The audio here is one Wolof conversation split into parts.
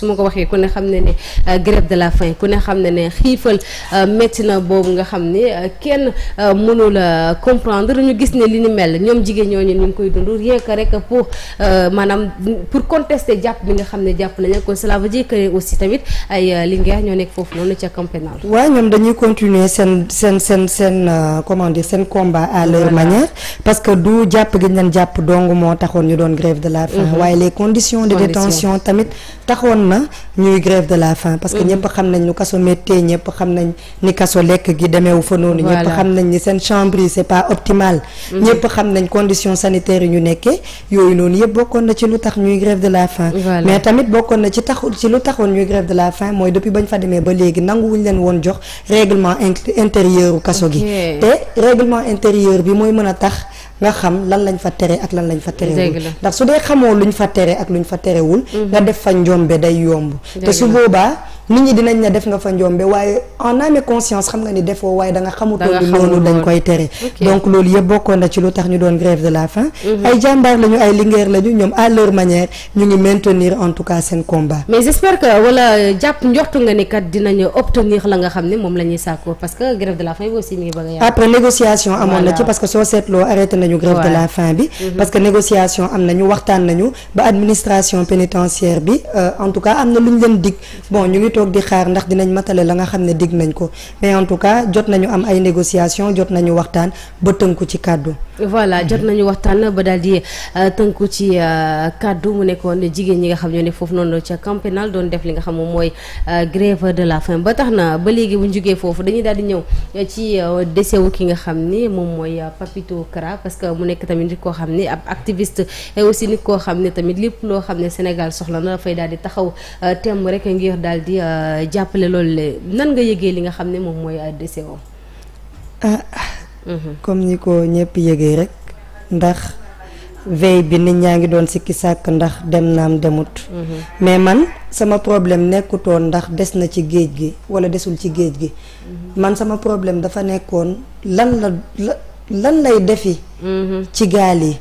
su ma ko waxee ku ne xam ne ne euh, grève de la faim ku ne xam ne ne xiifal euh, métti na boobu nga xam ne euh, kenn mënul comprendre ñu gis ne li ni mel ñoom jigéen ñoo ñooñu ñu ngi koy dund rien que rek pour maanaam pour contester jàpp bi nga xam ne jàpp nañu kon cela veut dire que aussi tamit ay Linguère ñoo nekk foofu noonu ca camp pénal. waaw ñoom dañuy continuer seen seen seen seen comment seen combat à leur manière parce que du jàpp gi ñu leen jàpp dong moo taxoon ñu doon grève de la faim. Mm-hmm. waaye les conditions de détention tamit taxoon na ñuy grève de la faim parce que mm. ñëpp xam nañ lu kaso méttee ñëpp xam nañ ni kaso lekk gi demeewu fa noonu ñëpp xam nañ ni seen chambre yi c'est pas optimal mm-hmm. ñëpp xam nañ conditions sanitaires yi ñu nekkee yooyu noonu yëpp bokkoon na ci lu tax ñuy grève de la faim mais tamit bokkoon na ci taxu ci lu taxoon ñuy grève de la faim mooy depuis bañ fa demee ba léegi nanguwuñ leen woon jox règlement intérieur kaso gi te règlement intérieur bi mooy mën a tax nga xam lan lañ fa tere ak lan lañ fa terewul ndax su dee xamoo luñ fa tere ak luñ fa terewul mhm. nga def fa njombe day yomb te su boobaa nit ñi dinañ ne def nga fa njombe waaye en âme conscience xam nga ni defoo waaye da nga xamutoon loolu dañ koy tere donc loolu yëpp bokkoon na ci lu tax ñu doon grève de la faim mhm. ay jàmbaar lañu ay lingeer lañu ñoom à leur ñu ngi maintenir en tout cas seen combat mais j'espère que wala jàpp njortu nga ni kat dinañu obtenir la nga xam ne moom la ñuy parce que grève de la faim a après négociation amoon na ci parce que soo seetloo arrêté toog di ndax dinañ matale la nga xam ne digg nañ ko mais en tout cas jot nañu am ay négociations jot nañu waxtaan ba tënku ci kàddu. voilà jot nañu waxtaan ba daal di euh, tënku ci euh, kàddu mu nekkoon jigéen ñi nga xam ñoo ne foofu noonu ca camp pénal doon def li nga xam moom mooy euh, grève la faim ba tax na ba léegi bu ñu foofu dañuy daal di ñëw ci décès wu ki nga xam ni moom mooy Papito Kara parce que mu nekk tamit nit koo xam ni ab activiste et aussi nit koo xam ne tamit lépp loo xam ne Sénégal soxla na dafay daal taxaw temm rek ngir daal di. Euh, jàppale loolu la nan nga yëgee li nga xam ne moom mooy euh, décès am ah, mhm. comme ni ko ñëpp yëgee rek ndax veille bi nit ñaa ngi doon sikki sàkk ndax dem naam demut mhm. mais man sama problème nekkutoon ndax des na ci géej gi wala desul ci géej gi mhm. man sama problème dafa nekkoon lan la lan lay defi ci gaal yi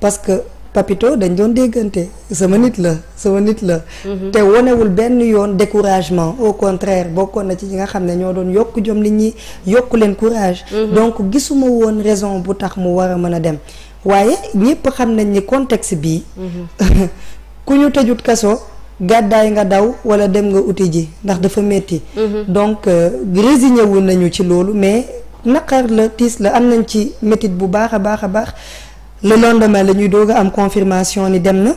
parce papito dañ doon déggante sama nit la sama nit la. Mhm. te wonewul benn yoon découragement au contraire bokkoon na ci ñi nga xam ne ñoo doon yokk jom ni ñi yokk leen courage. Mhm. donc gisuma woon raison bu tax mu war a mën a dem waaye ñëpp xam nañ ni contexte bi mhm. ku ñu tëjut kaso. gàddaay nga daw wala dem nga uti ji ndax dafa metti donc euh, résigné wu nañu ci loolu mais naqar la tiis la am nañ ci métit bu baax a baax a baax le lendemain la ñuy doog am confirmation ni dem na.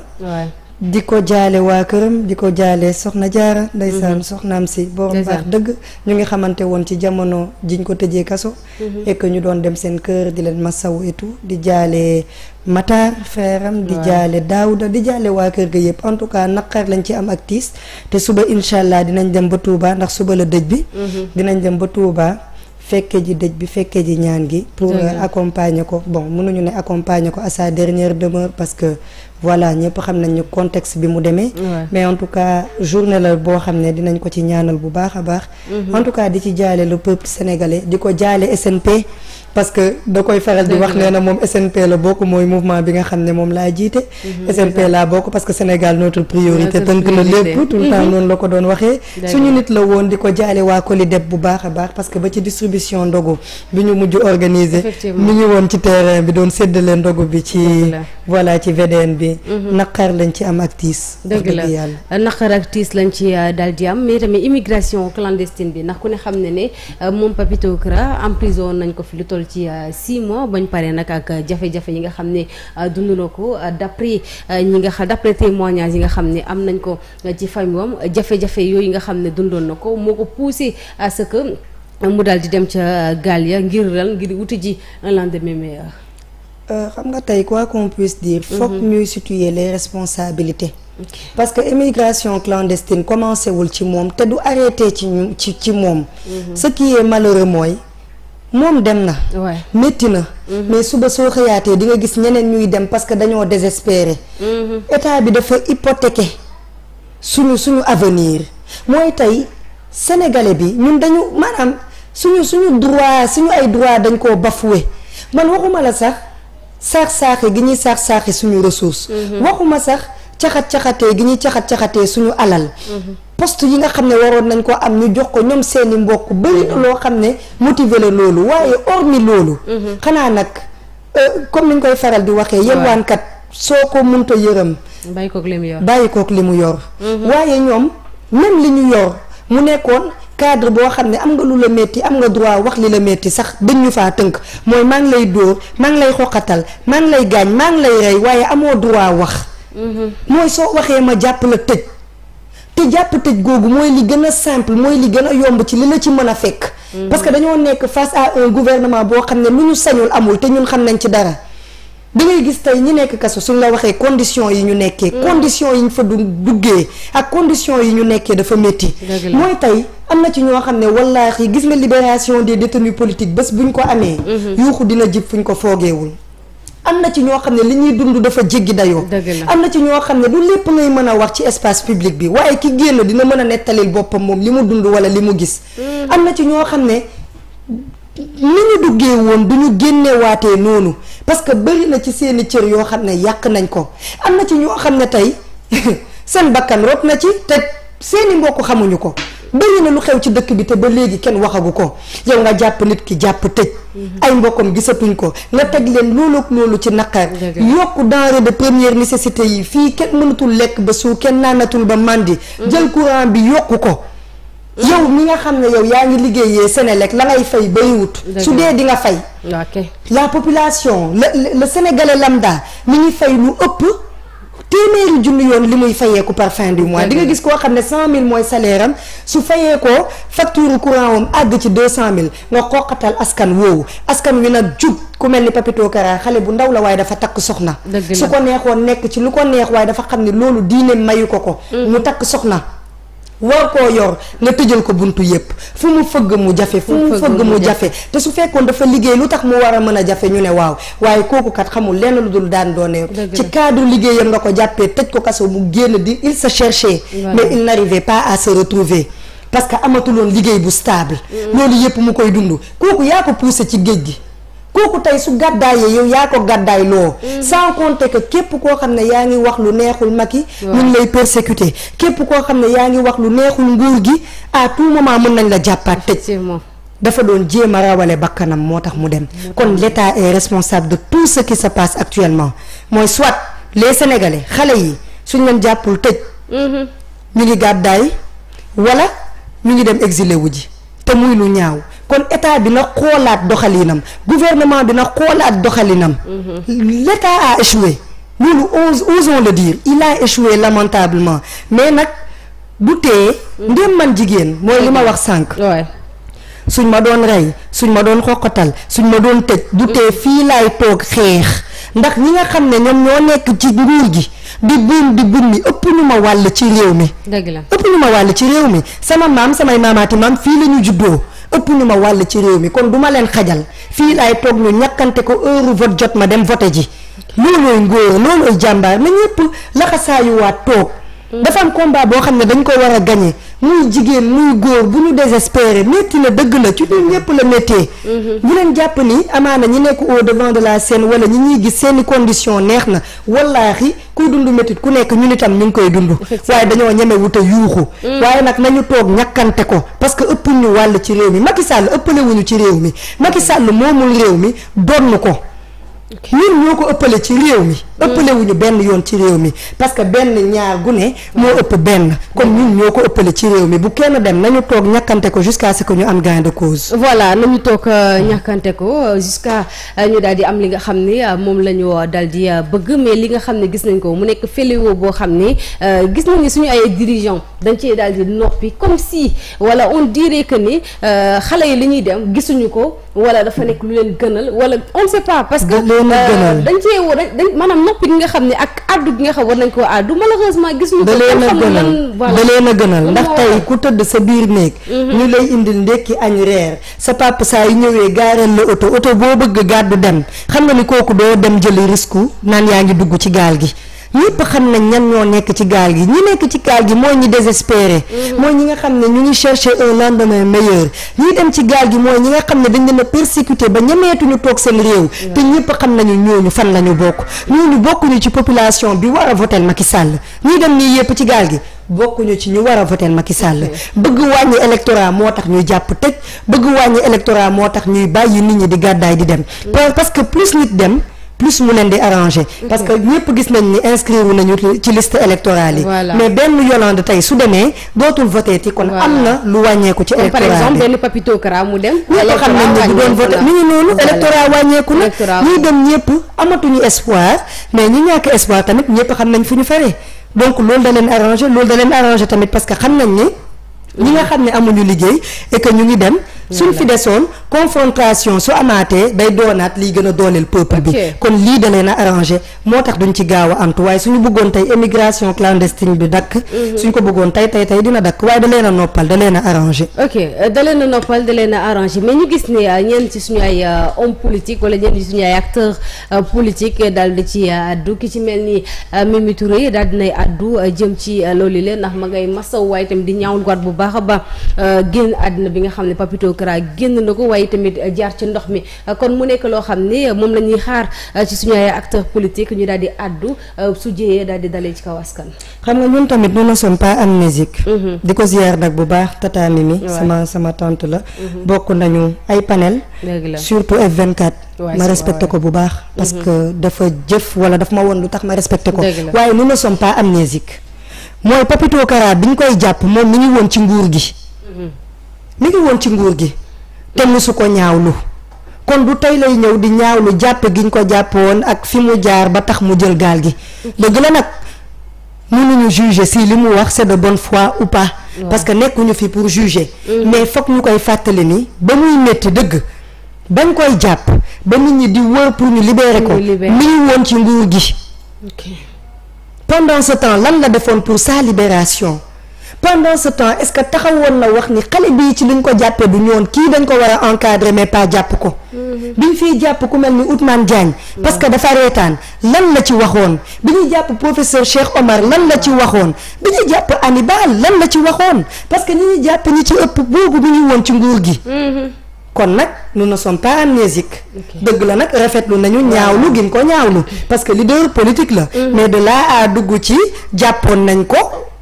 di ko jaale waa këram di ko jaale soxna jaara ndeysaan mhm. soxnaam si borom baax dëgg ñu ngi xamante woon ci jamono jiñ ko tëjee kaso mhm. et ñu doon dem seen kër di leen masawu et tout di jaale Matar feeram di jaale Daouda di jaale waa kër gi yëpp en tout cas naqar lañ ci am ak tiis te suba incha allah dinañ dem ba Touba ndax suba la dëj bi mhm. dinañ dem ba Touba fekkee ji dëj bi fekkee ji ñaan gi pour euh, accompagner ko bon mënuñu ne accompagner ko à sa dernière demeure parce que voilà ñëpp xam nañu contexte bi mu demee. mais en tout cas journée la boo xam ne dinañ ko ci ñaanal bu baax a baax. Mm-hmm. en tout di ci jaale le peuple sénégalais di ko jaale SNP. parce que koy faral di wax nee na moom SNP la bokk mooy mouvement bi nga xam ne moom laa jiite. Mm-hmm. SNP laa bokk parce que Sénégal notre priorité. tënk na lépp tout le temps mm-hmm. noonu la ko doon waxee. ñu nit la woon di ko jaale waa Kolideb bu baax a baax parce que ba ci distribution ndogu bi ñu mujj organiser. mi ñu woon ci terrain bi doon séddale ndogu bi ci. voilà ci VDN bi. ñibbee. Mhm. naqar lañ ci am ak tiis. dëgg la naqar ak lañ ci euh, daal di am mais tamit immigration clandestine bi ndax ku ne xam ne ne euh, moom Papito Kara en prison nañ ko fi lu toll ci 6 euh, mois bañ paree nag ak jafe-jafe yi nga xam ne dund ko d'après ñi nga xam d'après témoignages yi nga xam ne am nañ ko ci famille jafe-jafe yooyu nga xam ne dundoon na ko moo ko poussé à ce que mu dal di dem ca gaal ya ngir ral ngir wuti ji un lendemain Euh, xam nga tey quoi qu'on puisse dire mhm. foog ñuy situer les responsabilités Okay. parce que immigration clandestine commencé wul ci moom te du arrêté ci ñu ci ci moom. sa mhm. qui est malheureux mooy moom dem na. métti na. Mhm. mais suba soo xëyaatee di nga gis ñeneen ñuy dem parce que dañoo désespéré. état bi dafa hypothéqué suñu suñu avenir mooy tey sénégalais bi ñun dañu maanaam suñu suñu droit suñu ay droit dañ koo bafoué man waxuma la sax. saax-saaxe gi ñuy saax-saaxe suñu ressource mhm. waxuma sax caxat-caxatee gi ñuy caxat-caxatee suñu alal mhm. poste yi nga xam ne waroon nañ ko am ñu jox ko ñoom seeni mboq bëri na mhm. loo xam ne motiver la loolu waaye hormis loolu xanaa nag euh, comme niñ koy faral di waxee yelwaankat soo ko munta yërëm bàyyi kook li mu yor li mu yor waaye ñoom même li ñu yor mu nekkoon cadre boo xam ne am nga lu la metti am nga droit wax li la metti sax dañ ñu faa tënk mooy maa lay dóor maa lay xoqatal maa ngi lay gaañ maa lay rey waaye amoo droit wax mhm. mooy soo waxee ma jàpp la tëj te jàpp tëj googu mooy li gën a simple mooy li gën a yomb ci li la ci mën a fekk mhm. parce que dañoo nekk face à un gouvernement boo xam ne lu ñu sañul amul te ñun xam nañ ci dara da ngay gis tey ñi nekk kaso suñ la waxee condition yi ñu nekkee mm. condition yi ñu fa du duggee ak condition yi ñu nekkee dafa métti mooy tey am na ci ñoo xam ne wallaahi gis nga libération des détenus politiques bés buñ ko amee mm-hmm. yuuxu dina jib fuñ ko foogeewul am na ci ñoo xam ne li ñuy dund dafa jéggi dayoo am na ci ñoo xam ne du lépp ngay mën a wax ci espace public bi waaye ki génn dina mën a nettalil boppam moom li mu dund wala li mu gis mm. am na ci ñoo xam ne ni ñu duggee woon du ñu génnewaatee noonu parce que bëri na ci seeni cër yoo xam ne yàq nañ ko am na ci ñoo xam ne tey seen bakkan rot na ci te seeni mbokk xamuñu ko bëri na lu xew ci dëkk bi te ba léegi kenn waxagu ko yow nga jàpp nit ki jàpp tëj mhm. ay mbokkam gisatuñ ko nga teg leen loolu ak loolu ci naqar yokku denrée de première nécessité yi fii kenn mënatul lekk ba suur kenn naanatul ba màndi mhm. jël courant bi yokku ko yow mi nga xam ne yow yaa ngi liggéeyee Sénélec la ngay fay bayiwut su dee di nga fay la population le le sénégalais lambda mi ngi fay lu ëpp téeméeri junni yoon li muy fayeeku par fin du mois di nga gis koo xam ne cent mille mooy salaire am su fayee ko facture courant am àgg ci deux cent mille nga xoqatal askan woowu askan wi nag jug ku mel ni Papito Kara xale bu ndaw la waaye dafa takk soxna su ko neexoon nekk ci lu ko neex waaye dafa xam ne loolu diine mayu ko ko mm. mu takk soxna war koo yor nga tëjal ko buntu yépp fu mu fëgg mu jafe fu mu fëgg mu jafe te su fekkoon dafa liggéey lu tax mu war a mën a jafe ñu ne waaw waaye kooku kat xamul lenn lu dul daan doone ci cadre liggéeyam nga ko jàppee tëj ko kaso mu génn di il se cherchait mais il n'arrivait pas à se retrouver parce que amatuloon liggéey bu stable mm. loolu yépp mu koy dund kooku yaa ko poussé ci géej gi kooku tey su gàddaayee yow yaa ko gàddaay loo mm. sans compter que képp koo xam ne yaa ngi wax lu neexul Macky ñu ngi lay persécuter képp koo xam ne yaa ngi wax lu neexul nguur gi à tout moment mën nañ la jàppaat tëj dafa doon jéem a rawale bakkanam moo tax mu dem kon l'État est responsable de tout ce qui se passe actuellement mooy soit les Sénégalais xale yi suñ leen jàppul tëj mm-hmm. ñu ngi gàddaay wala ñu ngi dem exilé wu ji te muy lu ñaaw kon état bi dina xoolaat doxalinam gouvernement dina xoolaat doxalinam. l'état a échoué. loolu ose osons le dire il a échoué lamentablement mais nag du tee. man jigéen mooy li ma wax sànq. suñ ma doon rey suñ ma doon xoqatal suñ ma doon tëj du fii laay toog xeex ndax ñi nga xam ne ñoom ñoo nekk ci nguur gi di buum di buum mi ëpp ñu ma wàll ci réew mi. dëgg la ëpp ñu ma wàll ci réew mi sama maam samay maamaati maam fii la ñu juddoo. ëpp ñu ma wàll ci réew mi kon du ma leen xajal fii laay toog ñu ñàkkante ko heure vote jot ma dem vote ji loolooy ngóor loolooy jàmbaar na ñëpp laxasaayu waa toog mm. dafa am combat boo xam ne dañ ko war a gagné muy jigéen muy góor bu ñu désespéré métti na dëgg na ci ñun ñëpp la méttee. bu mhm. leen jàpp ni amaana ñi nekk de devant de la scène wala ñi ñuy gis seeni condition neex na wallaahi kuy dund métti ku nekk ñun itam ñu ngi koy dund. waaye dañoo ñeme wute yuuxu. Mhm. waaye nag nañu toog ñàkkante ko parce que ëpp ñu wàll ci réew mi Macky Sall ëppale wuñu ci réew mi Macky Sall moomul réew mi donn ko. ñun ñoo ko ëppale ci réew mi. ëppale wuñu benn yoon ci réew mi parce que benn ñaar gu ne moo ëpp benn comme ñun ñoo ko ëppale ci réew mi bu kenn dem nañu toog ñàkkante ko jusqu'à ce ñu am gain de cause voilà nañu toog euh, ñàkkante ko euh, jusqu'à euh, ñu daal di am li nga xam ni moom la ñu daal di bëgg mais li nga xam ne gis nañ ko mu nekk fléau boo xam ni gis nañ ni suñu ay dirigeants dañ ci daal di noppi comme si wala on dirait que ni xale yi li ñuy dem gisuñu ko wala dafa nekk lu leen gënal wala on ne sait pas parce que dañ cee woo dañ maanaam noppi gi nga xam ne ak addu gi nga xam war nañ ko addu malheureusement gis ñu da leen a gënal da leen a gënal ndax tey ku tëdd sa biir néeg mhm. ñu lay indil ndékki añ reer sa papa saa yu ñëwee gaaral la oto oto boo bëgg gàddu dem xam nga ni kooku doo dem jëli risque naan yaa ngi dugg ci gaal gi ñëpp xam nañ ñan ñoo nekk ci gaal gi ñi nekk ci gaal gi mooy ñi désespéré mhm. mooy ñi nga xam ne ñu ngi chercher un lendemain meilleur ñi dem ci gaal gi mooy ñi nga xam ne dañ leen a persécuté ba ñemeetuñu toog seen réew te ñëpp xam nañu ñoo ñu fan la ñu bokk ñooñu bokkuñu ci population bi war a voter Macky sàll ñi dem nii yëpp ci gaal gi bokkuñu ci ñu war a voter Macky Sall bëgg wàññi électorat moo tax ñu jàpp tëj bëgg wàññi électorat moo tax ñuy bàyyi nit ñi di gàddaay di dem mm. parce que plus nit dem plus mu leen di arrangé parce que ñëpp gis nañ ni inscrire nañu ci liste électorale yi mais benn Yolande tey su demee dootul voté ti kon am na lu wàññeeku ci électoral par exemple benn Papito Kara mu dem ñëpp wàññeeku na ñuy dem ñëpp amatuñu espoir mais ñi ñàkk espoir tamit ñëpp xam nañ fu ñu faree donc loolu da leen arrangé loolu da leen arrangé tamit parce que xam nañ ni ñi nga xam ne amuñu liggéey et que ñu ngi dem suñ fi desoon confrontation su amaatee day doonaat liy gën a dooleel peuple bi kon lii da na a moo tax duñ ci gaaw a waaye suñu bëggoon tey émigration bi dakk mhm. suñ ko bëggoon tey tey tey dina dakk waaye da na noppal da na a arrangé ok na leen a noppal da leen a arrangé mais ñu gis ne euh, ñenn ci suñu ay euh, homme politique wala ñenn ci suñu ay acteur euh, politique daal di ci addu ki ci mel ni Mimi Touré daal dinay addu jëm ci loolu leen ndax ma ngay masaw waaye tamit di ñaawul bu baax baax a baax euh, génn àddina bi nga xam ne Papito Kara génn na ko waaye tamit jaar ci ndox mi kon mu nekk loo xam ne moom la ñuy xaar euh, ci suñu ay acteurs politiques ñu daal di àddu euh, su jëyee daal di dalee ci kaw askan. xam nga ñun tamit nous ne sommes pas amnésiques. Mhm. di ko ziar nag bu baax tata Mimi. sama sama tante la. Mhm. bokk nañu ay panel. surtout F24. ma respecté ko bu baax. parce mhm. que dafa jëf wala daf ma woon lu tax ma respecté ko. waaye nous ne pas amnésiques. mooy Papito Kara bi ñu koy jàpp moom mi ngi woon ci nguur gi mhm. mi ngi woon ci nguur gi te su ko ñaawlu kon du tey lay ñëw di ñaawlu jàpp gi ñu ko jàpp woon ak fi mu jaar ba tax mu jël gaal gi dëgg la nag mënuñu juger si li mu wax c'est de bonne foi ou pas parce que nekkuñu fi pour juger mm. mais foog ñu koy fàttali ni ba muy métti dëgg bañ koy jàpp ba nit ñi di wër pour ñu libérer ko mi ngi woon ci nguur gi pendant sa temps lan la defoon pour sa libération pendant sa temps est-ce que taxawoon na wax ni xale bii ci liñ ko jàppee du ñoon kii dañ ko war a encadrer mais pas ko mhm. biñ fiy jàpp ku mel ni Ousmane Diagne mhm. parce que dafa reetaan lan la ci waxoon bi ñuy jàpp professeur Cheikh Omar lan la ci waxoon bi ñuy jàpp Hannibal lan la ci waxoon parce que ñi ñuy jàpp ñi ci ëpp boobu bi ñuy woon ci nguur gi mhm. kon nag nous ne sommes pas amnésiques dëgg la nag rafetlu nañu ñaawlu gin ko ñaawlu parce que leader politique la mm. mais de là à dugg ci jàppoon nañ ko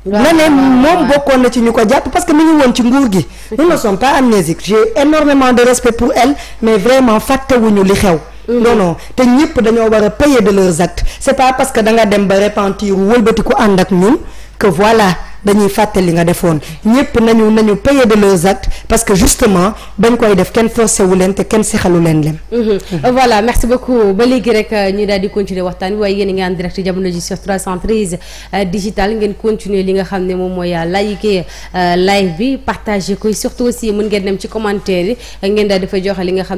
na ne moom bokkoon na ci ñu ko jàpp parce que mi ngi woon ci nguur gi nous ne sommes pas amnésiques j'ai énormément de respect pour elle mais vraiment fàttewuñu li xew mm. non te ñëpp dañoo war a payer de leurs actes c'est pas parce que da nga dem ba repentir wëlbati ko ànd ak ñun que voilà dañuy fàttali nga defoon ñëpp nañu nañu payer de leurs actes parce que justement bañ koy def kenn forcé te kenn sexalu leen lem mm-hmm. voilà merci beaucoup ba léegi rek euh, ñu daal continuer waxtaan bi waaye yéen a ngi en direct jamono ji sur 313 euh, digital ngeen continuer li nga xam ne moom mooy euh, liker live bi partager ko surtout aussi mën ngeen dem ci commentaire yi ngeen daal fa joxe li nga xam